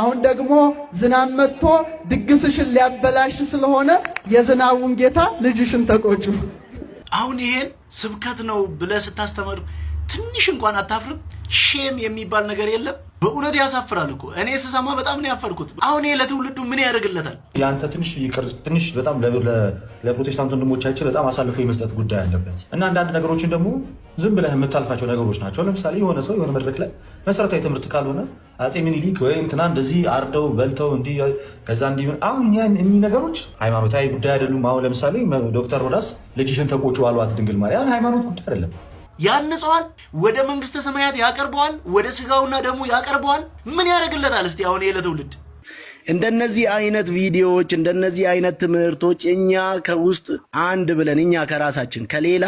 አሁን ደግሞ ዝናብ መጥቶ ድግስሽን ሊያበላሽ ስለሆነ የዝናቡን ጌታ ልጅሽን ተቆጩ። አሁን ይሄን ስብከት ነው ብለህ ስታስተምር ትንሽ እንኳን አታፍርም? ሼም የሚባል ነገር የለም? በእውነት ያሳፍራል እኮ እኔ ስሰማ በጣም ነው ያፈርኩት። አሁን ይሄ ለትውልዱ ምን ያደርግለታል? የአንተ ትንሽ ትንሽ በጣም ለፕሮቴስታንት ወንድሞቻችን በጣም አሳልፎ የመስጠት ጉዳይ አለበት እና አንዳንድ ነገሮችን ደግሞ ዝም ብለህ የምታልፋቸው ነገሮች ናቸው። ለምሳሌ የሆነ ሰው የሆነ መድረክ ላይ መሰረታዊ ትምህርት ካልሆነ አፄ ምኒልክ ወይም ትና እንደዚህ አርደው በልተው እንዲ ከዛ እንዲ አሁን ያን እኚህ ነገሮች ሃይማኖታዊ ጉዳይ አይደሉም። አሁን ለምሳሌ ዶክተር ሮዳስ ልጅሽን ተቆጩ አሏት ድንግል ማርያም ሃይማኖት ጉዳይ አይደለም። ያንጸዋል፣ ወደ መንግስተ ሰማያት ያቀርበዋል፣ ወደ ስጋውና ደሙ ያቀርበዋል። ምን ያደርግለታል? እስቲ አሁን ይሄ ለትውልድ እንደነዚህ አይነት ቪዲዮዎች እንደነዚህ አይነት ትምህርቶች እኛ ከውስጥ አንድ ብለን እኛ ከራሳችን ከሌላ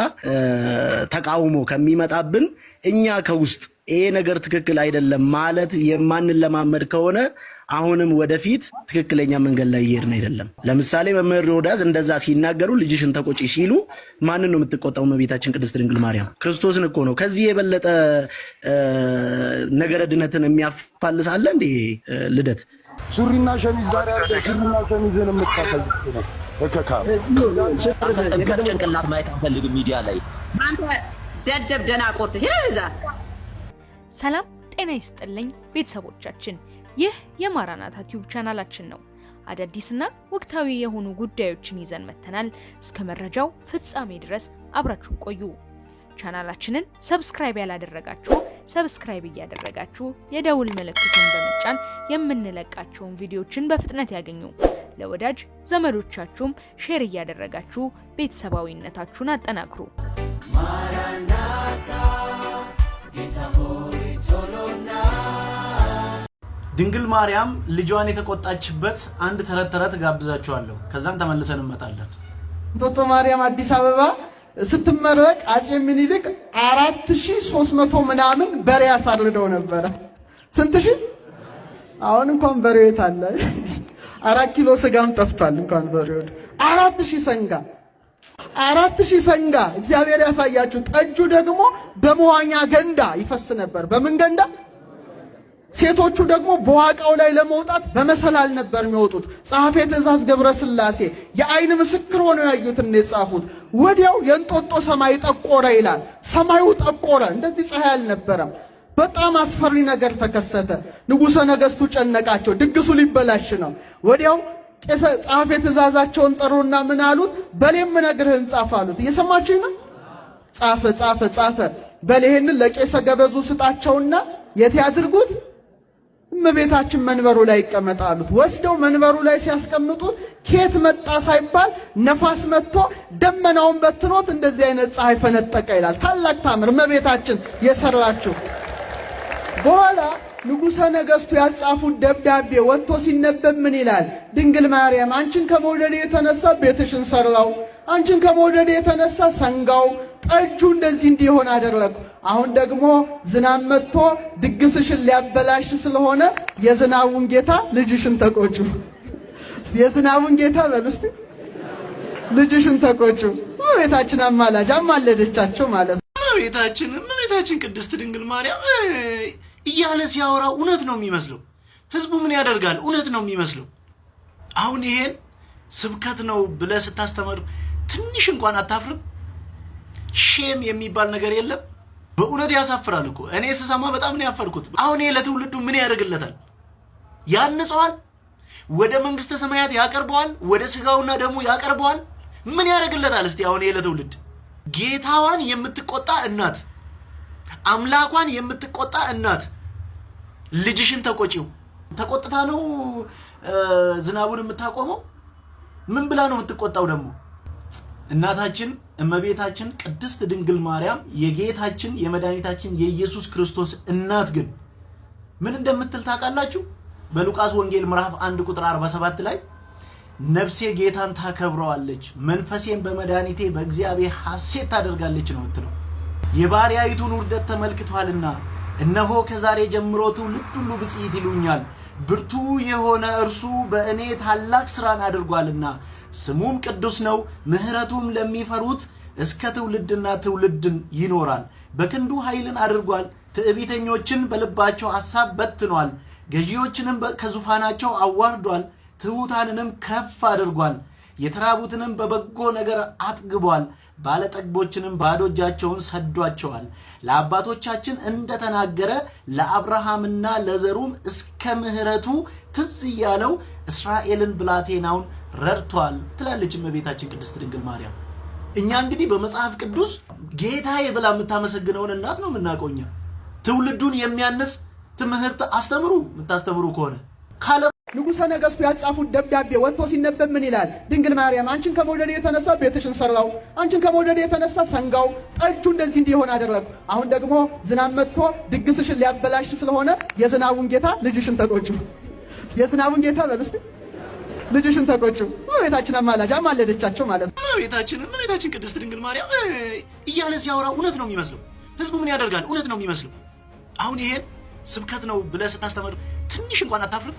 ተቃውሞ ከሚመጣብን እኛ ከውስጥ ይሄ ነገር ትክክል አይደለም ማለት የማንን ለማመድ ከሆነ አሁንም ወደፊት ትክክለኛ መንገድ ላይ እየሄድን አይደለም። ለምሳሌ መምህር ሮዳስ እንደዛ ሲናገሩ ልጅሽን ተቆጪ ሲሉ ማንን ነው የምትቆጣው? እመቤታችን ቅድስት ድንግል ማርያም ክርስቶስን እኮ ነው። ከዚህ የበለጠ ነገረ ድነትን የሚያፋልሳለ አለ እንዴ? ልደት ሱሪና ሸሚዝ ዛሬ ያለ ሱሪና ሸሚዝን የምታሳይ እብከት ጭንቅላት ማየት አንፈልግም ሚዲያ ላይ ደደብ ደና ቆርት ሰላም ጤና ይስጥልኝ ቤተሰቦቻችን ይህ የማራናታ ቲዩብ ቻናላችን ነው። አዳዲስና ወቅታዊ የሆኑ ጉዳዮችን ይዘን መተናል። እስከ መረጃው ፍጻሜ ድረስ አብራችሁ ቆዩ። ቻናላችንን ሰብስክራይብ ያላደረጋችሁ ሰብስክራይብ እያደረጋችሁ የደውል ምልክቱን በመጫን የምንለቃቸውን ቪዲዮዎችን በፍጥነት ያገኙ። ለወዳጅ ዘመዶቻችሁም ሼር እያደረጋችሁ ቤተሰባዊነታችሁን አጠናክሩ። ማራናታ ጌታ ሆይ ድንግል ማርያም ልጇን የተቆጣችበት አንድ ተረት ተረት ጋብዛችኋለሁ። ከዛም ተመልሰን እንመጣለን። እንጦጦ ማርያም አዲስ አበባ ስትመረቅ አጼ ምኒልክ አራት ሺ ሶስት መቶ ምናምን በሬ ያሳርደው ነበረ። ስንት ሺ አሁን እንኳን በሬው የት አለ? አራት ኪሎ ስጋም ጠፍቷል። እንኳን በሬው አራት ሺህ ሰንጋ አራት ሺህ ሰንጋ እግዚአብሔር ያሳያችሁ። ጠጁ ደግሞ በመዋኛ ገንዳ ይፈስ ነበር። በምን ገንዳ ሴቶቹ ደግሞ በዋቃው ላይ ለመውጣት በመሰላል ነበር የሚወጡት። ጸሐፌ ትእዛዝ ገብረ ስላሴ የአይን ምስክር ሆነው ያዩትን የጻፉት። ወዲያው የእንጦጦ ሰማይ ጠቆረ ይላል። ሰማዩ ጠቆረ፣ እንደዚህ ፀሐይ አልነበረም። በጣም አስፈሪ ነገር ተከሰተ። ንጉሠ ነገሥቱ ጨነቃቸው፣ ድግሱ ሊበላሽ ነው። ወዲያው ጸሐፌ ትእዛዛቸውን ጠሩና ምን አሉት? በሌም ነግርህን ጻፍ አሉት። እየሰማችሁ ነው? ጻፈ ጻፈ ጻፈ። በሌህን ለቄሰ ገበዙ ስጣቸውና የት ያድርጉት? እመቤታችን መንበሩ ላይ ይቀመጣሉት። አሉት። ወስደው መንበሩ ላይ ሲያስቀምጡት ኬት መጣ ሳይባል ነፋስ መጥቶ ደመናውን በትኖት እንደዚህ አይነት ፀሐይ ፈነጠቀ ይላል። ታላቅ ታምር እመቤታችን የሰራችው። በኋላ ንጉሠ ነገሥቱ ያጻፉት ደብዳቤ ወጥቶ ሲነበብ ምን ይላል? ድንግል ማርያም አንቺን ከመውደድ የተነሳ ቤትሽን ሰራው፣ አንቺን ከመውደድ የተነሳ ሰንጋው ጠጁ እንደዚህ እንዲሆን አደረግኩ። አሁን ደግሞ ዝናብ መጥቶ ድግስሽን ሊያበላሽ ስለሆነ የዝናቡን ጌታ ልጅሽን ተቆጩ። የዝናቡን ጌታ በሉ እስቲ ልጅሽን ተቆጩ። እመቤታችን አማላጅ አማለደቻቸው ማለት ነው። እመቤታችን እመቤታችን ቅድስት ድንግል ማርያም እያለ ሲያወራ እውነት ነው የሚመስለው። ህዝቡ ምን ያደርጋል? እውነት ነው የሚመስለው። አሁን ይሄን ስብከት ነው ብለህ ስታስተምር ትንሽ እንኳን አታፍርም? ሼም የሚባል ነገር የለም። በእውነት ያሳፍራል እኮ እኔ ስሰማ በጣም ነው ያፈርኩት። አሁን ይሄ ለትውልዱ ምን ያደርግለታል? ያንጸዋል፣ ወደ መንግስተ ሰማያት ያቀርበዋል፣ ወደ ስጋውና ደሙ ያቀርበዋል። ምን ያደርግለታል? እስቲ አሁን ይሄ ለትውልድ ጌታዋን የምትቆጣ እናት፣ አምላኳን የምትቆጣ እናት ልጅሽን ተቆጪው ተቆጥታ ነው ዝናቡን የምታቆመው? ምን ብላ ነው የምትቆጣው ደግሞ እናታችን እመቤታችን ቅድስት ድንግል ማርያም የጌታችን የመድኃኒታችን የኢየሱስ ክርስቶስ እናት ግን ምን እንደምትል ታውቃላችሁ? በሉቃስ ወንጌል ምዕራፍ 1 ቁጥር 47 ላይ ነፍሴ ጌታን ታከብረዋለች፣ መንፈሴን በመድኃኒቴ በእግዚአብሔር ሐሴት ታደርጋለች ነው የምትለው። የባሪያይቱን ውርደት ተመልክቷልና እነሆ ከዛሬ ጀምሮ ትውልድ ሁሉ ብፅዕት ይሉኛል፣ ብርቱ የሆነ እርሱ በእኔ ታላቅ ሥራን አድርጓልና፣ ስሙም ቅዱስ ነው፣ ምሕረቱም ለሚፈሩት እስከ ትውልድና ትውልድን ይኖራል። በክንዱ ኃይልን አድርጓል፣ ትዕቢተኞችን በልባቸው ሐሳብ በትኗል፣ ገዢዎችንም ከዙፋናቸው አዋርዷል፣ ትሑታንንም ከፍ አድርጓል። የተራቡትንም በበጎ ነገር አጥግቧል፣ ባለጠግቦችንም ባዶ እጃቸውን ሰዷቸዋል። ለአባቶቻችን እንደተናገረ ለአብርሃምና ለዘሩም እስከ ምሕረቱ ትዝ እያለው እስራኤልን ብላቴናውን ረድቷል ትላለች እመቤታችን ቅድስት ድንግል ማርያም። እኛ እንግዲህ በመጽሐፍ ቅዱስ ጌታዬ ብላ የምታመሰግነውን እናት ነው የምናውቀው። እኛ ትውልዱን የሚያነስ ትምህርት አስተምሩ የምታስተምሩ ከሆነ ንጉሠ ነገሥቱ ያጻፉት ደብዳቤ ወጥቶ ሲነበብ ምን ይላል? ድንግል ማርያም አንቺን ከመውደድ የተነሳ ቤትሽን ሰራው፣ አንቺን ከመውደድ የተነሳ ሰንጋው፣ ጠጁ እንደዚህ እንዲሆን አደረግኩ። አሁን ደግሞ ዝናብ መጥቶ ድግስሽን ሊያበላሽ ስለሆነ የዝናቡን ጌታ ልጅሽን ተቆጩ። የዝናቡን ጌታ በምስት ልጅሽን ተቆጩ። እመቤታችን አማላጅ አማለደቻቸው ማለት ነው። እመቤታችን እመቤታችን ቅድስት ድንግል ማርያም እያለ ሲያወራ እውነት ነው የሚመስለው። ህዝቡ ምን ያደርጋል? እውነት ነው የሚመስለው። አሁን ይሄን ስብከት ነው ብለህ ስታስተምር ትንሽ እንኳን አታፍርም?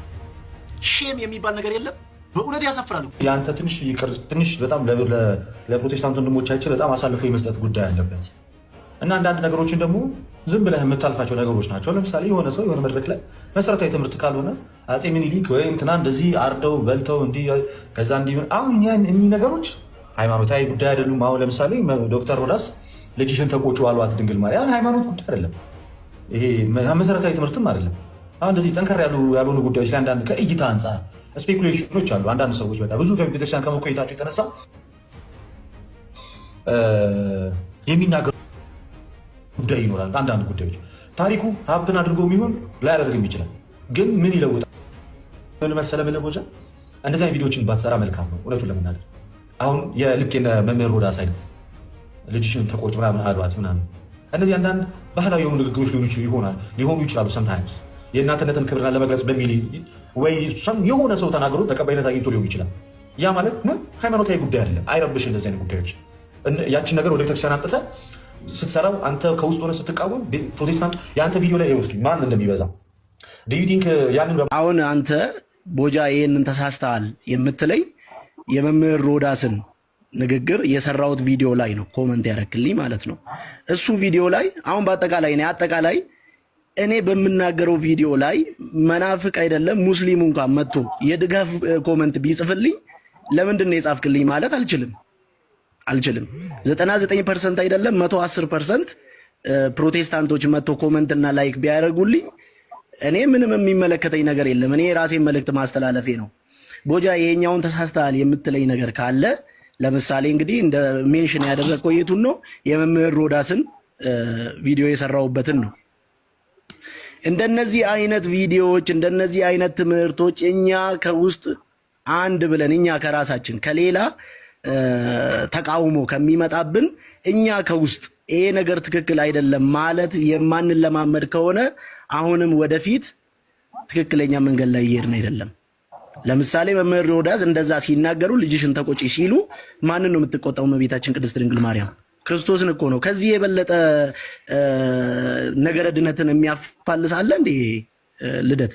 ሼም የሚባል ነገር የለም። በእውነት ያሰፍራል። የአንተ ትንሽ ትንሽ በጣም ለፕሮቴስታንት ወንድሞቻችን በጣም አሳልፎ የመስጠት ጉዳይ አለበት እና አንዳንድ ነገሮችን ደግሞ ዝም ብለህ የምታልፋቸው ነገሮች ናቸው። ለምሳሌ የሆነ ሰው የሆነ መድረክ ላይ መሰረታዊ ትምህርት ካልሆነ አፄ ምኒልክ ወይም እንትና እንደዚህ አርደው በልተው እንዲ ከዛ እንዲ አሁን እኒህ ነገሮች ሃይማኖታዊ ጉዳይ አይደሉም። አሁን ለምሳሌ ዶክተር ሮዳስ ልጅሽን ተቆጩ አሏት ድንግል ማርያም ሃይማኖት ጉዳይ አይደለም። ይሄ መሰረታዊ ትምህርትም አይደለም። አሁን እንደዚህ ጠንከር ያሉ ያልሆኑ ጉዳዮች ላይ አንዳንድ ከእይታ አንጻር ስፔኩሌሽኖች አሉ። አንዳንድ ሰዎች በቃ ብዙ ከቤተክርስቲያን ከመቆየታቸው የተነሳ የሚናገሩ ጉዳይ ይኖራል። አንዳንድ ጉዳዮች ታሪኩ ሀብን አድርጎ የሚሆን ላያደርግም ይችላል። ግን ምን ይለውጣል? ምን መሰለ መለወጫ እንደዚህ ቪዲዮችን ባትሰራ መልካም ነው። እውነቱን ለመናገር አሁን የልክ መምህር ሮዳስ አይነት ልጅሽን ተቆጭ ምናምን አሏት ምናምን እነዚህ አንዳንድ ባህላዊ የሆኑ ንግግሮች ሊሆኑ ይችላሉ። ሰምታይምስ የእናትነትን ክብርና ለመግለጽ በሚል ወይ እሷም የሆነ ሰው ተናግሮ ተቀባይነት አግኝቶ ሊሆን ይችላል። ያ ማለት ምን ሃይማኖታዊ ጉዳይ አይደለም። አይረብሽ እንደዚህ አይነት ጉዳዮች ያችን ነገር ወደ ቤተክርስቲያን አምጥተህ ስትሰራው አንተ ከውስጥ ሆነ ስትቃወም ፕሮቴስታንቱ የአንተ ቪዲዮ ላይ ይወስዱ ማን እንደሚበዛ ዩቲንክ uh, ያንን አሁን አንተ ቦጃ ይህንን ተሳስተሃል የምትለኝ የመምህር ሮዳስን ንግግር የሰራሁት ቪዲዮ ላይ ነው ኮመንት ያደረክልኝ ማለት ነው። እሱ ቪዲዮ ላይ አሁን በአጠቃላይ እኔ አጠቃላይ እኔ በምናገረው ቪዲዮ ላይ መናፍቅ አይደለም ሙስሊሙ እንኳን መጥቶ የድጋፍ ኮመንት ቢጽፍልኝ ለምንድን ነው የጻፍክልኝ ማለት አልችልም አልችልም። 99 ፐርሰንት አይደለም 110 ፐርሰንት ፕሮቴስታንቶች መጥቶ ኮመንትና ላይክ ቢያደርጉልኝ እኔ ምንም የሚመለከተኝ ነገር የለም። እኔ የራሴን መልእክት ማስተላለፌ ነው። ቦጃ ይሄኛውን ተሳስተሃል የምትለኝ ነገር ካለ ለምሳሌ እንግዲህ እንደ ሜንሽን ያደረግከው የቱን ነው? የመምህር ሮዳስን ቪዲዮ የሰራሁበትን ነው። እንደነዚህ አይነት ቪዲዮዎች እንደነዚህ አይነት ትምህርቶች እኛ ከውስጥ አንድ ብለን እኛ ከራሳችን ከሌላ ተቃውሞ ከሚመጣብን እኛ ከውስጥ ይሄ ነገር ትክክል አይደለም ማለት የማንለማመድ ከሆነ አሁንም ወደፊት ትክክለኛ መንገድ ላይ እየሄድን አይደለም። ለምሳሌ መምህር ሮዳስ እንደዛ ሲናገሩ ልጅሽን ተቆጪ ሲሉ ማንን ነው የምትቆጣው? እመቤታችን ቅድስት ድንግል ማርያም ክርስቶስን እኮ ነው። ከዚህ የበለጠ ነገረ ድነትን የሚያፋልስ አለ እንዴ? ልደት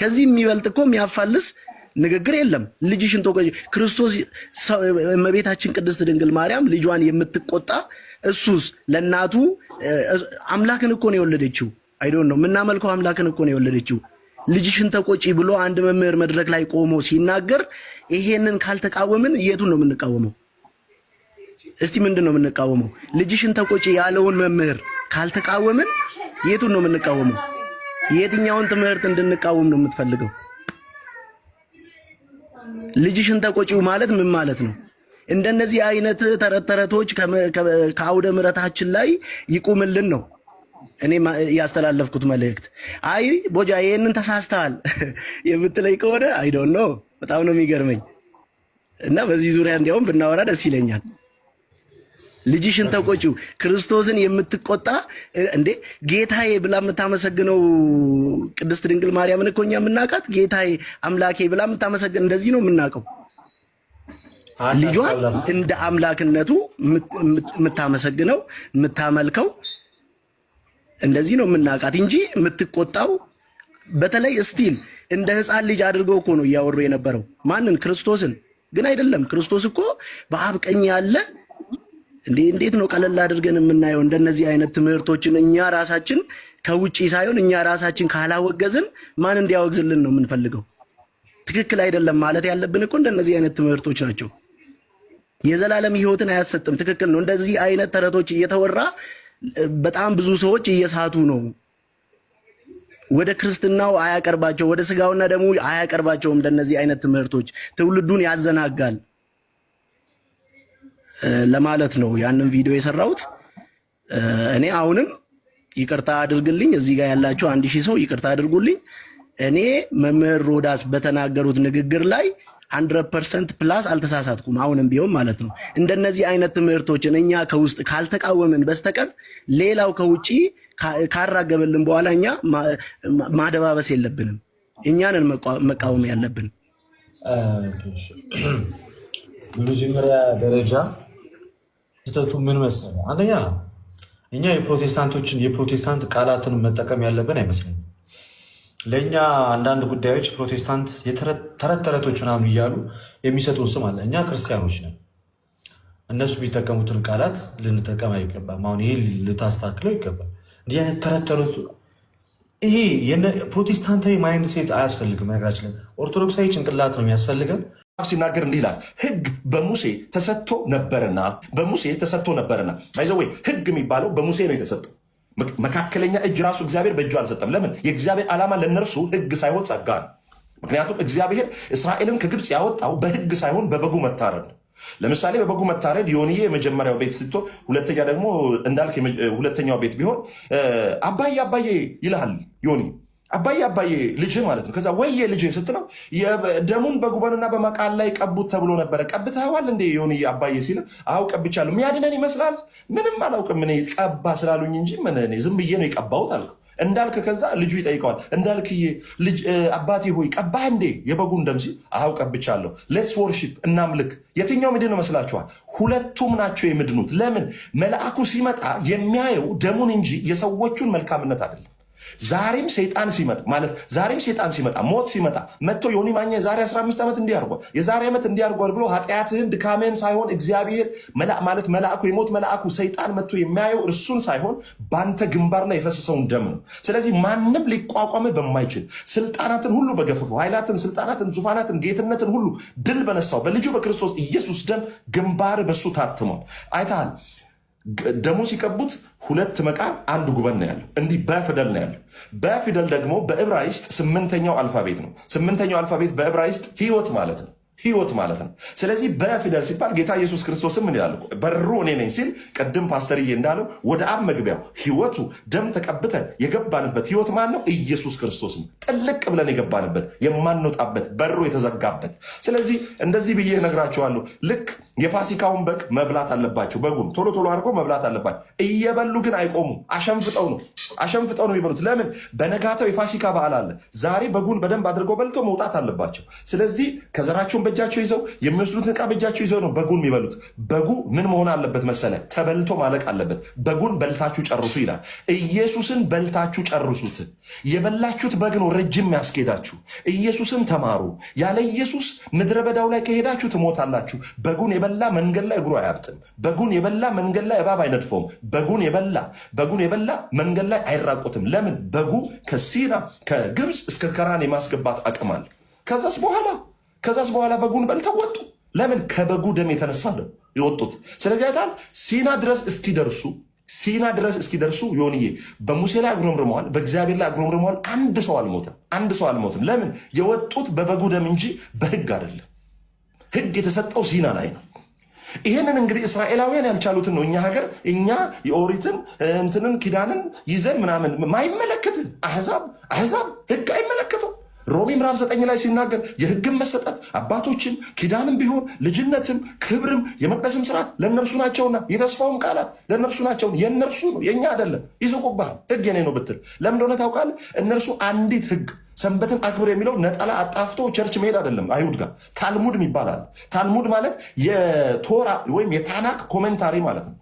ከዚህ የሚበልጥ እኮ የሚያፋልስ ንግግር የለም። ልጅሽን ተቆ ክርስቶስ እመቤታችን ቅድስት ድንግል ማርያም ልጇን የምትቆጣ እሱስ ለእናቱ አምላክን እኮ ነው የወለደችው። አይዶን ነው የምናመልከው አምላክን እኮ ነው የወለደችው። ልጅሽን ተቆጪ ብሎ አንድ መምህር መድረክ ላይ ቆሞ ሲናገር ይሄንን ካልተቃወምን የቱን ነው የምንቃወመው? እስቲ ምንድን ነው የምንቃወመው? ልጅሽን ተቆጪ ያለውን መምህር ካልተቃወምን የቱን ነው የምንቃወመው? የትኛውን ትምህርት እንድንቃወም ነው የምትፈልገው? ልጅሽን ተቆጪው ማለት ምን ማለት ነው? እንደነዚህ አይነት ተረት ተረቶች ከአውደ ምረታችን ላይ ይቁምልን ነው እኔ ያስተላለፍኩት መልእክት። አይ ቦጃ ይህንን ተሳስተሃል የምትለይ ከሆነ ዶንት ኖ በጣም ነው የሚገርመኝ እና በዚህ ዙሪያ እንዲያውም ብናወራ ደስ ይለኛል። ልጅሽን ተቆጪው ክርስቶስን የምትቆጣ እንዴ ጌታዬ ብላ የምታመሰግነው ቅድስት ድንግል ማርያምን እኮ እኛ የምናውቃት ጌታዬ አምላኬ ብላ የምታመሰግን እንደዚህ ነው የምናውቀው። ልጇን እንደ አምላክነቱ የምታመሰግነው የምታመልከው እንደዚህ ነው የምናውቃት እንጂ የምትቆጣው በተለይ እስቲል እንደ ሕፃን ልጅ አድርገው እኮ ነው እያወሩ የነበረው ማንን? ክርስቶስን ግን አይደለም። ክርስቶስ እኮ በአብ ቀኝ ያለ እንዴ እንዴት ነው ቀለል አድርገን የምናየው? እንደነዚህ አይነት ትምህርቶችን እኛ ራሳችን ከውጪ ሳይሆን እኛ ራሳችን ካላወገዝን ማን እንዲያወግዝልን ነው የምንፈልገው? ትክክል አይደለም ማለት ያለብን እኮ እንደነዚህ አይነት ትምህርቶች ናቸው። የዘላለም ህይወትን አያሰጥም። ትክክል ነው። እንደዚህ አይነት ተረቶች እየተወራ በጣም ብዙ ሰዎች እየሳቱ ነው። ወደ ክርስትናው አያቀርባቸው፣ ወደ ስጋውና ደግሞ አያቀርባቸውም። እንደነዚህ አይነት ትምህርቶች ትውልዱን ያዘናጋል። ለማለት ነው ያንን ቪዲዮ የሰራሁት። እኔ አሁንም ይቅርታ አድርግልኝ፣ እዚህ ጋር ያላችሁ አንድ ሺህ ሰው ይቅርታ አድርጉልኝ። እኔ መምህር ሮዳስ በተናገሩት ንግግር ላይ ፐርሰንት ፕላስ አልተሳሳትኩም። አሁንም ቢሆን ማለት ነው እንደነዚህ አይነት ትምህርቶችን እኛ ከውስጥ ካልተቃወምን በስተቀር ሌላው ከውጪ ካራገበልን በኋላ እኛ ማደባበስ የለብንም። እኛንን መቃወም ያለብን በመጀመሪያ ደረጃ ስህተቱ ምን መሰለህ? አንደኛ እኛ የፕሮቴስታንቶችን የፕሮቴስታንት ቃላትን መጠቀም ያለብን አይመስለኝም። ለእኛ አንዳንድ ጉዳዮች ፕሮቴስታንት ተረት ተረቶች ምናምን እያሉ የሚሰጡን ስም አለ። እኛ ክርስቲያኖች ነን። እነሱ የሚጠቀሙትን ቃላት ልንጠቀም አይገባም። አሁን ይሄ ልታስተካክለው ይገባል። እንዲህ አይነት ተረተረቱ ይሄ ፕሮቴስታንታዊ ማይንድ ሴት አያስፈልግም። ነገራችን ኦርቶዶክሳዊ ጭንቅላት ነው የሚያስፈልገን። መጽሐፍ ሲናገር እንዲህ ይላል፣ ህግ በሙሴ ተሰጥቶ ነበርና በሙሴ ተሰጥቶ ነበርና። ይዘዌ ህግ የሚባለው በሙሴ ነው የተሰጠ። መካከለኛ እጅ ራሱ እግዚአብሔር በእጁ አልሰጠም። ለምን? የእግዚአብሔር ዓላማ ለነርሱ ህግ ሳይሆን ጸጋ ነው። ምክንያቱም እግዚአብሔር እስራኤልን ከግብፅ ያወጣው በህግ ሳይሆን በበጉ መታረድ። ለምሳሌ በበጉ መታረድ ዮኒዬ የመጀመሪያው ቤት ስትሆን፣ ሁለተኛ ደግሞ እንዳልክ ሁለተኛው ቤት ቢሆን አባዬ አባዬ ይልሃል ዮኒ አባዬ አባዬ ልጅ ማለት ነው። ከዛ ወየ ልጅ ስትለው ደሙን በጉበንና በመቃል ላይ ቀቡት ተብሎ ነበረ። ቀብተዋል እንዴ የሆን አባዬ ሲል አዎ ቀብቻለሁ። የሚያድነን ይመስላል ምንም አላውቅም እኔ ቀባ ስላሉኝ እንጂ ምን ዝም ብዬ ነው የቀባሁት አልከው እንዳልክ። ከዛ ልጁ ይጠይቀዋል እንዳልክዬ ልጅ አባቴ ሆይ ቀባህ እንዴ የበጉን ደም ሲል አዎ ቀብቻለሁ። ሌትስ ወርሺፕ እናምልክ። የትኛው ምድን ነው መስላችኋል? ሁለቱም ናቸው የምድኑት። ለምን መልአኩ ሲመጣ የሚያየው ደሙን እንጂ የሰዎቹን መልካምነት አይደለም። ዛሬም ሰይጣን ሲመጣ ማለት ዛሬም ሰይጣን ሲመጣ ሞት ሲመጣ መጥቶ ዮኒ ማኛ የዛሬ 15 ዓመት እንዲያርጓል የዛሬ ዓመት እንዲያርጓል ብሎ ኃጢአትህን ድካሜን ሳይሆን እግዚአብሔር ማለት መልአኩ የሞት መልአኩ ሰይጣን መጥቶ የሚያየው እርሱን ሳይሆን ባንተ ግንባር የፈሰሰውን ደም ነው። ስለዚህ ማንም ሊቋቋም በማይችል ስልጣናትን ሁሉ በገፈፈው ኃይላትን፣ ስልጣናትን፣ ዙፋናትን፣ ጌትነትን ሁሉ ድል በነሳው በልጁ በክርስቶስ ኢየሱስ ደም ግንባር በሱ ታትሟል። አይተሃል። ደሙ ሲቀቡት ሁለት መቃን አንድ ጉበን ነው ያለው። እንዲህ በፊደል ነው ያለው። በፊደል ደግሞ በዕብራይስጥ ስምንተኛው አልፋቤት ነው። ስምንተኛው አልፋቤት በዕብራይስጥ ህይወት ማለት ነው። ህይወት ማለት ነው። ስለዚህ በፊደል ሲባል ጌታ ኢየሱስ ክርስቶስ ምን ይላል? በሩ እኔ ነኝ ሲል ቅድም ፓስተርዬ እንዳለው ወደ አብ መግቢያው ህይወቱ ደም ተቀብተን የገባንበት ህይወት ማን ነው? ኢየሱስ ክርስቶስ ነው። ጥልቅ ብለን የገባንበት የማንወጣበት በሩ የተዘጋበት። ስለዚህ እንደዚህ ብዬ እነግራቸዋለሁ። ልክ የፋሲካውን በግ መብላት አለባቸው። በጉን ቶሎ ቶሎ አድርጎ መብላት አለባቸው። እየበሉ ግን አይቆሙም። አሸንፍጠው ነው አሸንፍጠው ነው የሚበሉት። ለምን? በነጋታው የፋሲካ በዓል አለ። ዛሬ በጉን በደንብ አድርገው በልተው መውጣት አለባቸው። ስለዚህ ከዘራቸውን በ በእጃቸው ይዘው የሚወስዱትን እቃ በእጃቸው ይዘው ነው በጉን የሚበሉት። በጉ ምን መሆን አለበት መሰለ? ተበልቶ ማለቅ አለበት። በጉን በልታችሁ ጨርሱ ይላል። ኢየሱስን በልታችሁ ጨርሱት። የበላችሁት በግ ነው ረጅም ያስኬዳችሁ። ኢየሱስን ተማሩ። ያለ ኢየሱስ ምድረ በዳው ላይ ከሄዳችሁ ትሞታላችሁ። በጉን የበላ መንገድ ላይ እግሩ አያብጥም። በጉን የበላ መንገድ ላይ እባብ አይነድፈውም። በጉን የበላ በጉን የበላ መንገድ ላይ አይራቆትም። ለምን? በጉ ከሲና ከግብፅ እስከ ከራን የማስገባት አቅም አለ። ከዛስ በኋላ ከዛስ በኋላ በጉን በልተው ወጡ። ለምን? ከበጉ ደም የተነሳ ነው የወጡት። ስለዚህ አይታል ሲና ድረስ እስኪደርሱ ሲና ድረስ እስኪደርሱ ዮንዬ በሙሴ ላይ አጉረምርመዋል፣ በእግዚአብሔር ላይ አጉረምርመዋል። አንድ ሰው አልሞተም። አንድ ሰው አልሞተም። ለምን? የወጡት በበጉ ደም እንጂ በህግ አይደለም። ህግ የተሰጠው ሲና ላይ ነው። ይህንን እንግዲህ እስራኤላውያን ያልቻሉትን ነው። እኛ ሀገር እኛ የኦሪትን እንትንን ኪዳንን ይዘን ምናምን ማይመለከትን አህዛብ አህዛብ ህግ አይመለከተው ሮሜ ምዕራፍ ዘጠኝ ላይ ሲናገር የህግን መሰጠት አባቶችን ኪዳንም ቢሆን ልጅነትም ክብርም የመቅደስም ስርዓት ለእነርሱ ናቸውና የተስፋውም ቃላት ለእነርሱ ናቸው የእነርሱ ነው የእኛ አይደለም። ይስቁብሃል። ህግ የኔ ነው ብትል ለምን እንደሆነ ታውቃለህ? እነርሱ አንዲት ህግ ሰንበትን አክብር የሚለው ነጠላ አጣፍቶ ቸርች መሄድ አይደለም። አይሁድ ጋር ታልሙድ ይባላል። ታልሙድ ማለት የቶራ ወይም የታናክ ኮመንታሪ ማለት ነው።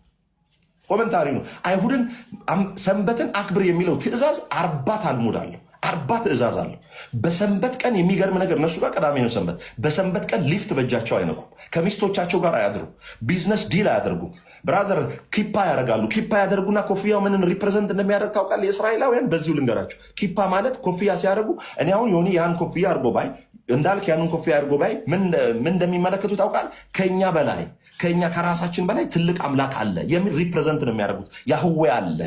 ኮሜንታሪ ነው። አይሁድን ሰንበትን አክብር የሚለው ትእዛዝ አርባ ታልሙድ አለው። አርባ ትእዛዝ አለው። በሰንበት ቀን የሚገርም ነገር እነሱ ጋር ቀዳሚ ነው ሰንበት። በሰንበት ቀን ሊፍት በእጃቸው አይነኩም። ከሚስቶቻቸው ጋር አያድሩ። ቢዝነስ ዲል አያደርጉም። ብራዘር ኪፓ ያደርጋሉ። ኪፓ ያደርጉና ኮፍያው ምንን ሪፕሬዘንት እንደሚያደርግ ታውቃለህ? የእስራኤላውያን በዚሁ ልንገራቸው። ኪፓ ማለት ኮፍያ ሲያደርጉ እኔ አሁን የሆነ ያን ኮፍያ አድርጎ ባይ እንዳልክ ያንን ኮፍያ አድርጎ ባይ ምን እንደሚመለከቱ ታውቃል ከኛ በላይ ከኛ ከራሳችን በላይ ትልቅ አምላክ አለ የሚል ሪፕሬዘንት ነው የሚያደርጉት። ያህዌ አለ፣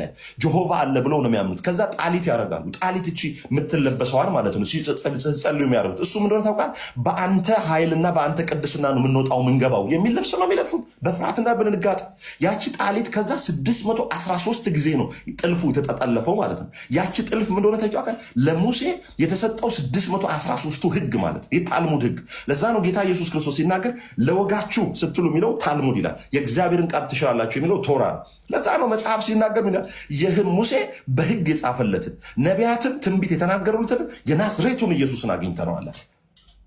ጆሆቫ አለ ብለው ነው የሚያምኑት። ከዛ ጣሊት ያደርጋሉ። ጣሊት እቺ የምትለበሰዋን ማለት ነው ሲጸልዩ የሚያደርጉት እሱ ምንድነው ታውቃል? በአንተ ኃይልና በአንተ ቅድስና ነው የምንወጣው ምንገባው የሚል ልብስ ነው የሚለብሱት በፍርሃትና በድንጋጤ። ያቺ ጣሊት ከዛ 613 ጊዜ ነው ጥልፉ የተጠጠለፈው ማለት ነው። ያቺ ጥልፍ ምንደሆነ እንደሆነ ለሙሴ የተሰጠው 613ቱ ህግ ማለት የጣልሙድ ህግ። ለዛ ነው ጌታ ኢየሱስ ክርስቶስ ሲናገር ለወጋችሁ ስትሉ የሚለው ታልሙድ ይላል። የእግዚአብሔርን ቃል ትሽራላችሁ የሚለው ቶራ ነው። ለዛ ነው መጽሐፍ ሲናገር ምን ይላል? ይህም ሙሴ በሕግ የጻፈለትን ነቢያትም ትንቢት የተናገሩትን የናዝሬቱን ኢየሱስን አግኝተነዋል።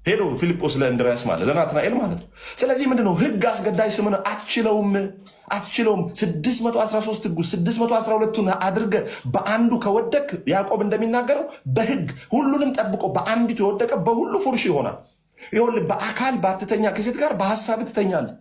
ሄዶ ፊልጶስ ለእንድርያስ ማለት ለናትናኤል ማለት ነው። ስለዚህ ምንድነው ሕግ አስገዳጅ ስምን አትችለውም አትችለውም 613 ሕጉ 612ቱን አድርገ በአንዱ ከወደቅ ያዕቆብ እንደሚናገረው በህግ ሁሉንም ጠብቆ በአንዲቱ የወደቀ በሁሉ ፉርሽ ይሆናል። ይሁን በአካል በአትተኛ ከሴት ጋር በሀሳብ ትተኛለህ።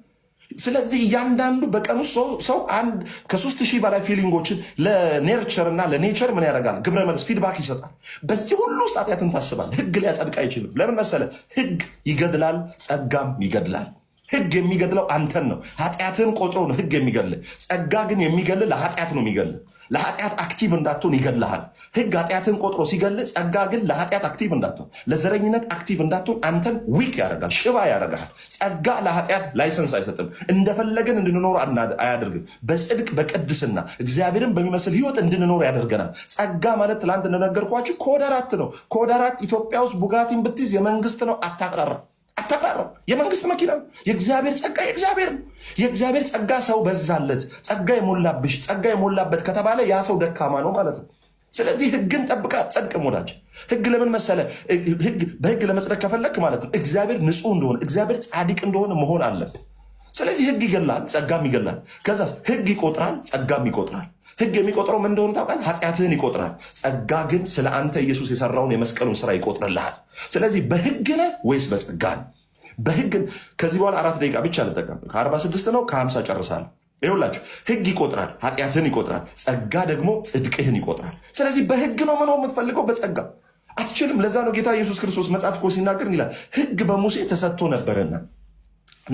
ስለዚህ እያንዳንዱ በቀኑ ሰው አንድ ከሶስት ሺህ በላይ ፊሊንጎችን ለኔርቸር እና ለኔቸር ምን ያደርጋል? ግብረ መልስ ፊድባክ ይሰጣል። በዚህ ሁሉ ውስጥ ኃጢአትን ታስባል። ህግ ሊያጸድቅ አይችልም። ለምን መሰለ? ህግ ይገድላል፣ ጸጋም ይገድላል። ህግ የሚገድለው አንተን ነው። ኃጢአትን ቆጥሮ ነው ህግ የሚገል ጸጋ ግን የሚገል ለኃጢአት ነው የሚገል። ለኃጢአት አክቲቭ እንዳትሆን ይገድልሃል። ህግ ኃጢአትን ቆጥሮ ሲገል፣ ጸጋ ግን ለኃጢአት አክቲቭ እንዳትሆን፣ ለዘረኝነት አክቲቭ እንዳትሆን አንተን ዊክ ያደርጋል፣ ሽባ ያደርጋል። ጸጋ ለኃጢአት ላይሰንስ አይሰጥም። እንደፈለገን እንድንኖር አያደርግም። በጽድቅ በቅድስና እግዚአብሔርን በሚመስል ህይወት እንድንኖር ያደርገናል። ጸጋ ማለት ትላንት እንደነገርኳችሁ ኮዳራት ነው። ኮዳራት ኢትዮጵያ ውስጥ ቡጋቲን ብትይዝ የመንግስት ነው። አታቅራራ አታባረው። የመንግስት መኪና የእግዚአብሔር ጸጋ የእግዚአብሔር ነው። የእግዚአብሔር ጸጋ ሰው በዛለት ጸጋ የሞላብሽ ጸጋ የሞላበት ከተባለ ያ ሰው ደካማ ነው ማለት ነው። ስለዚህ ህግን ጠብቃ ጸድቅ ወዳጅ ህግ ለምን መሰለ በህግ ለመጽደቅ ከፈለክ ማለት ነው እግዚአብሔር ንጹህ እንደሆነ እግዚአብሔር ጻድቅ እንደሆነ መሆን አለብ። ስለዚህ ህግ ይገላል፣ ጸጋም ይገላል። ከዛስ ህግ ይቆጥራል፣ ጸጋም ይቆጥራል። ህግ የሚቆጥረው ምን እንደሆነ ታውቃለህ? ኃጢአትህን ይቆጥራል። ጸጋ ግን ስለ አንተ ኢየሱስ የሰራውን የመስቀሉን ስራ ይቆጥርልሃል። ስለዚህ በህግ ነህ ወይስ በጸጋ ነህ? በህግ ከዚህ በኋላ አራት ደቂቃ ብቻ ልጠቀም። ስድስት ነው ከሀምሳ ጨርሳል። ይኸውላችሁ ህግ ይቆጥራል፣ ኃጢአትህን ይቆጥራል። ጸጋ ደግሞ ጽድቅህን ይቆጥራል። ስለዚህ በህግ ነው መኖር የምትፈልገው? በጸጋ አትችልም። ለዛ ነው ጌታ ኢየሱስ ክርስቶስ መጽሐፍ እኮ ሲናገር ይላል ህግ በሙሴ ተሰጥቶ ነበርና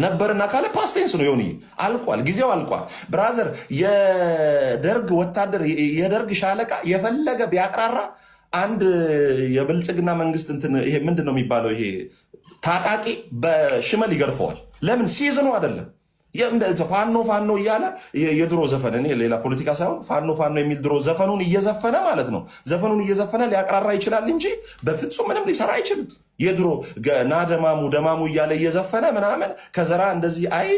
ነበርና ካለ ፓስቴንስ ነው የሆን አልቋል፣ ጊዜው አልቋል። ብራዘር የደርግ ወታደር የደርግ ሻለቃ የፈለገ ቢያቅራራ አንድ የብልጽግና መንግስት እንትን ይሄ ምንድን ነው የሚባለው? ይሄ ታጣቂ በሽመል ይገርፈዋል። ለምን ሲዝኑ አይደለም ፋኖ ፋኖ እያለ የድሮ ዘፈን እኔ ሌላ ፖለቲካ ሳይሆን ፋኖ ፋኖ የሚል ድሮ ዘፈኑን እየዘፈነ ማለት ነው። ዘፈኑን እየዘፈነ ሊያቀራራ ይችላል እንጂ በፍጹም ምንም ሊሰራ አይችልም። የድሮ ና ደማሙ ደማሙ እያለ እየዘፈነ ምናምን ከዘራ እንደዚህ አይ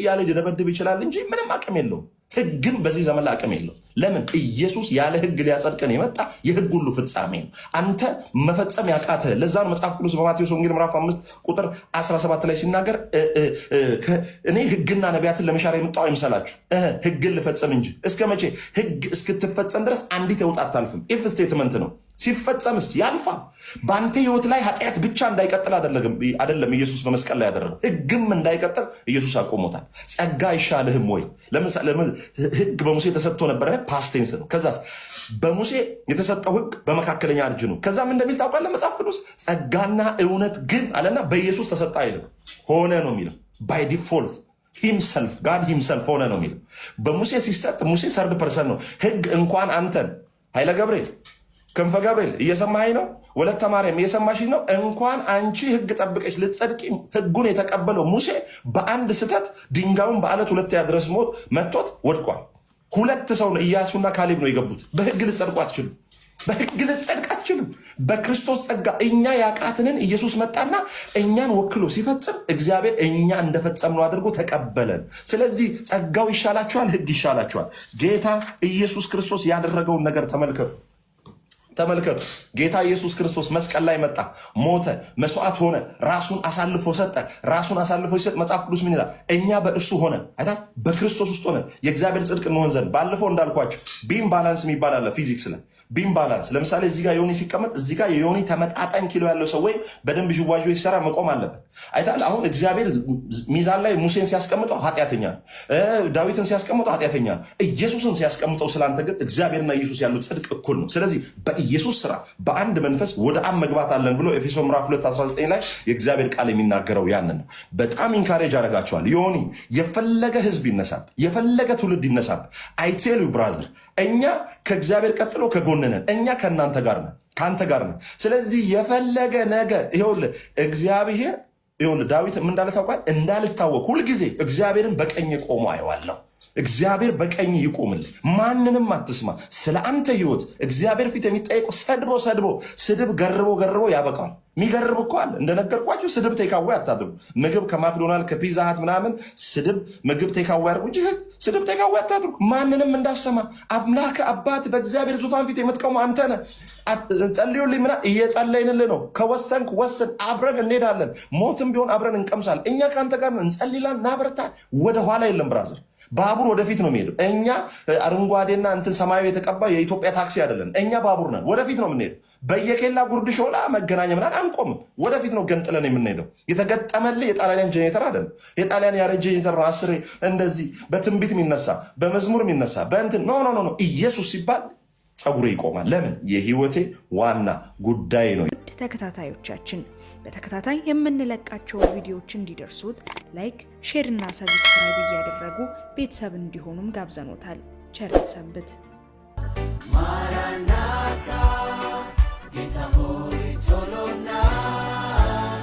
እያለ ሊደበድብ ይችላል እንጂ ምንም አቅም የለውም። ህግም በዚህ ዘመን አቅም የለው። ለምን ኢየሱስ ያለ ህግ ሊያጸድቀን የመጣ የህግ ሁሉ ፍጻሜ ነው። አንተ መፈጸም ያቃተ ለዛ ነው መጽሐፍ ቅዱስ በማቴዎስ ወንጌል ምዕራፍ አምስት ቁጥር 17 ላይ ሲናገር እኔ ህግና ነቢያትን ለመሻር የምጣው አይምሰላችሁ ህግን ልፈጽም እንጂ። እስከ መቼ ህግ እስክትፈጸም ድረስ አንዲት የውጣት አታልፍም። ኢፍ ስቴትመንት ነው ሲፈጸምስ ያልፋ። በአንተ ህይወት ላይ ኃጢአት ብቻ እንዳይቀጥል አይደለም ኢየሱስ በመስቀል ላይ ያደረገው፣ ህግም እንዳይቀጥል ኢየሱስ አቆሞታል። ጸጋ አይሻልህም ወይ? ህግ በሙሴ ተሰጥቶ ነበረ፣ ፓስቴንስ ነው። ከዛስ በሙሴ የተሰጠው ህግ በመካከለኛ እርጅ ነው። ከዛም እንደሚል ታውቃለህ መጽሐፍ ቅዱስ ጸጋና እውነት ግን አለና በኢየሱስ ተሰጠ አይልም፣ ሆነ ነው የሚለው ባይ ዲፎልት ሂምሰልፍ ጋድ ሂምሰልፍ ሆነ ነው የሚለው። በሙሴ ሲሰጥ ሙሴ ሰርድ ፐርሰን ነው። ህግ እንኳን አንተን ኃይለ ገብርኤል ክንፈ ገብርኤል እየሰማኸኝ ነው? ወለተ ማርያም እየሰማሽኝ ነው? እንኳን አንቺ ህግ ጠብቀሽ ልትጸድቂ ህጉን የተቀበለው ሙሴ በአንድ ስህተት ድንጋዩን በአለት ሁለት ያድረስ ሞት መጥቶት ወድቋል። ሁለት ሰው ነው እያሱና ካሌብ ነው የገቡት። በህግ ልትጸድቁ አትችሉም። በህግ ልትጸድቅ አትችልም። በክርስቶስ ጸጋ እኛ ያቃትንን ኢየሱስ መጣና እኛን ወክሎ ሲፈጽም እግዚአብሔር እኛ እንደፈጸምነው አድርጎ ተቀበለን። ስለዚህ ጸጋው ይሻላችኋል፣ ህግ ይሻላችኋል። ጌታ ኢየሱስ ክርስቶስ ያደረገውን ነገር ተመልከቱ። ተመልከቱ ጌታ ኢየሱስ ክርስቶስ መስቀል ላይ መጣ፣ ሞተ፣ መስዋዕት ሆነ፣ ራሱን አሳልፎ ሰጠ። ራሱን አሳልፎ ሲሰጥ መጽሐፍ ቅዱስ ምን ይላል? እኛ በእርሱ ሆነ አይታ በክርስቶስ ውስጥ ሆነ የእግዚአብሔር ጽድቅ እንሆን ዘንድ ባለፈው እንዳልኳቸው ቢም ባላንስ የሚባል አለ ፊዚክስ ላይ ቢም ባላንስ ለምሳሌ እዚህ ጋር ዮኒ ሲቀመጥ እዚህ ጋር የዮኒ ተመጣጣኝ ኪሎ ያለው ሰው ወይም በደንብ ዥዋዥ ሲሰራ መቆም አለበት። አይታል አሁን እግዚአብሔር ሚዛን ላይ ሙሴን ሲያስቀምጠው ኃጢአተኛ፣ ዳዊትን ሲያስቀምጠው ኃጢአተኛ፣ ኢየሱስን ሲያስቀምጠው ስላንተ ግን እግዚአብሔርና ኢየሱስ ያሉት ጽድቅ እኩል ነው። ስለዚህ በኢየሱስ ስራ በአንድ መንፈስ ወደ አብ መግባት አለን ብሎ ኤፌሶ ምዕራፍ 2 19 ላይ የእግዚአብሔር ቃል የሚናገረው ያንን ነው። በጣም ኢንካሬጅ አደርጋቸዋል። ዮኒ የፈለገ ህዝብ ይነሳብ፣ የፈለገ ትውልድ ይነሳብ። አይቴሉ ብራዘር እኛ ከእግዚአብሔር ቀጥሎ ከጎን ነን። እኛ ከእናንተ ጋር ነን፣ ከአንተ ጋር ነን። ስለዚህ የፈለገ ነገር ይሄውል እግዚአብሔር ይኸውልህ ዳዊት ምን እንዳለ ታውቃል? እንዳልታወቅ ሁልጊዜ እግዚአብሔርን በቀኝ ቆሞ አየዋለሁ እግዚአብሔር በቀኝ ይቆምል። ማንንም አትስማ። ስለ አንተ ህይወት እግዚአብሔር ፊት የሚጠየቀው ሰድቦ ሰድቦ ስድብ ገርቦ ገርቦ ያበቃል። የሚገርብ እኮ አለ። እንደነገርኳችሁ ስድብ ቴካዌ አታድርጉ። ምግብ ከማክዶናልድ ከፒዛ ሀት ምናምን ስድብ ምግብ ቴካዌ አድርጉ እንጂ ስድብ ቴካዌ አታድርጉ። ማንንም እንዳሰማ አምላክ አባት በእግዚአብሔር ዙፋን ፊት የምትቀሙ አንተ ነህ። ጸልዩልኝ ምና እየጸለይንልህ ነው። ከወሰንክ ወስን፣ አብረን እንሄዳለን። ሞትም ቢሆን አብረን እንቀምሳለን። እኛ ከአንተ ጋር እንጸልላን፣ እናበርታል። ወደኋላ የለም ብራዘር ባቡር ወደፊት ነው የሚሄደው። እኛ አረንጓዴና እንትን ሰማያዊ የተቀባ የኢትዮጵያ ታክሲ አይደለን እኛ ባቡር ነን፣ ወደፊት ነው የምንሄደው። በየኬላ ጉርድ ሾላ መገናኛ ምናል አንቆምም። ወደፊት ነው ገንጥለን የምንሄደው። የተገጠመልህ የጣሊያን ጄኔተር አይደለም። የጣሊያን ያረ ጄኔተር አስሬ እንደዚህ በትንቢት የሚነሳ በመዝሙር የሚነሳ በእንትን ኖ ኖ ኖ ኢየሱስ ሲባል ጸጉሬ ይቆማል። ለምን? የህይወቴ ዋና ጉዳይ ነው። ውድ ተከታታዮቻችን በተከታታይ የምንለቃቸው ቪዲዮዎች እንዲደርሱት ላይክ፣ ሼር እና ሰብስክራይብ እያደረጉ ቤተሰብ እንዲሆኑም ጋብዘኖታል። ቸር ሰንብት። ማራናታ ጌታ ሆይ ቶሎና